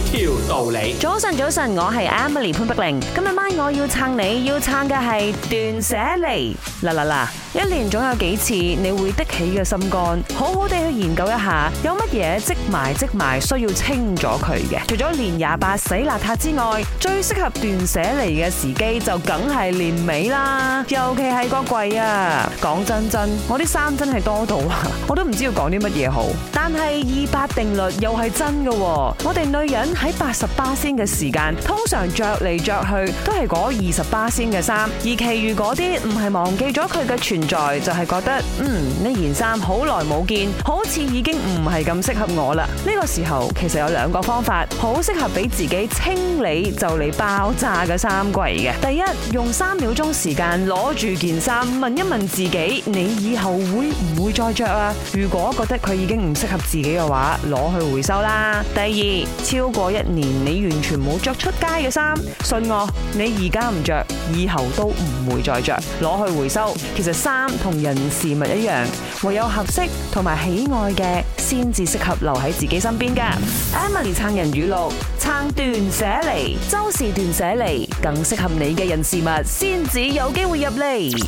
條道理。早晨，早晨，我係 Emily 潘碧玲。今日晚我要撐你，要撐嘅係斷捨離。嗱嗱嗱，一年總有幾次你會起的起嘅心肝，好好地去研究一下有什，有乜嘢積埋積埋需要清咗佢嘅。除咗年廿八死邋遢之外，最適合斷捨離嘅時機就梗係年尾啦。尤其係個櫃啊，講真真，我啲衫真係多到，我都唔知要講啲乜嘢好。但係二八定律又係真㗎，我哋女人。喺八十巴仙嘅時間，通常着嚟着去都係嗰二十巴仙嘅衫，而其餘嗰啲唔係忘記咗佢嘅存在，就係、是、覺得嗯呢件衫好耐冇見，好似已經唔係咁適合我啦。呢個時候其實有兩個方法，好適合俾自己清理就嚟爆炸嘅衫櫃嘅。第一，用三秒鐘時間攞住件衫，問一問自己，你以後會唔會再着啊？如果覺得佢已經唔適合自己嘅話，攞去回收啦。第二，超。過一年你完全冇着出街嘅衫，信我，你而家唔着，以後都唔會再着，攞去回收。其實衫同人事物一樣，唯有合適同埋喜愛嘅，先至適合留喺自己身邊嘅 em。Emily 撐人語錄，撐斷捨離，周時斷捨離，更適合你嘅人事物，先至有機會入嚟。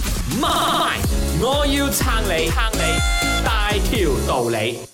我要撐你撐你，大條道理。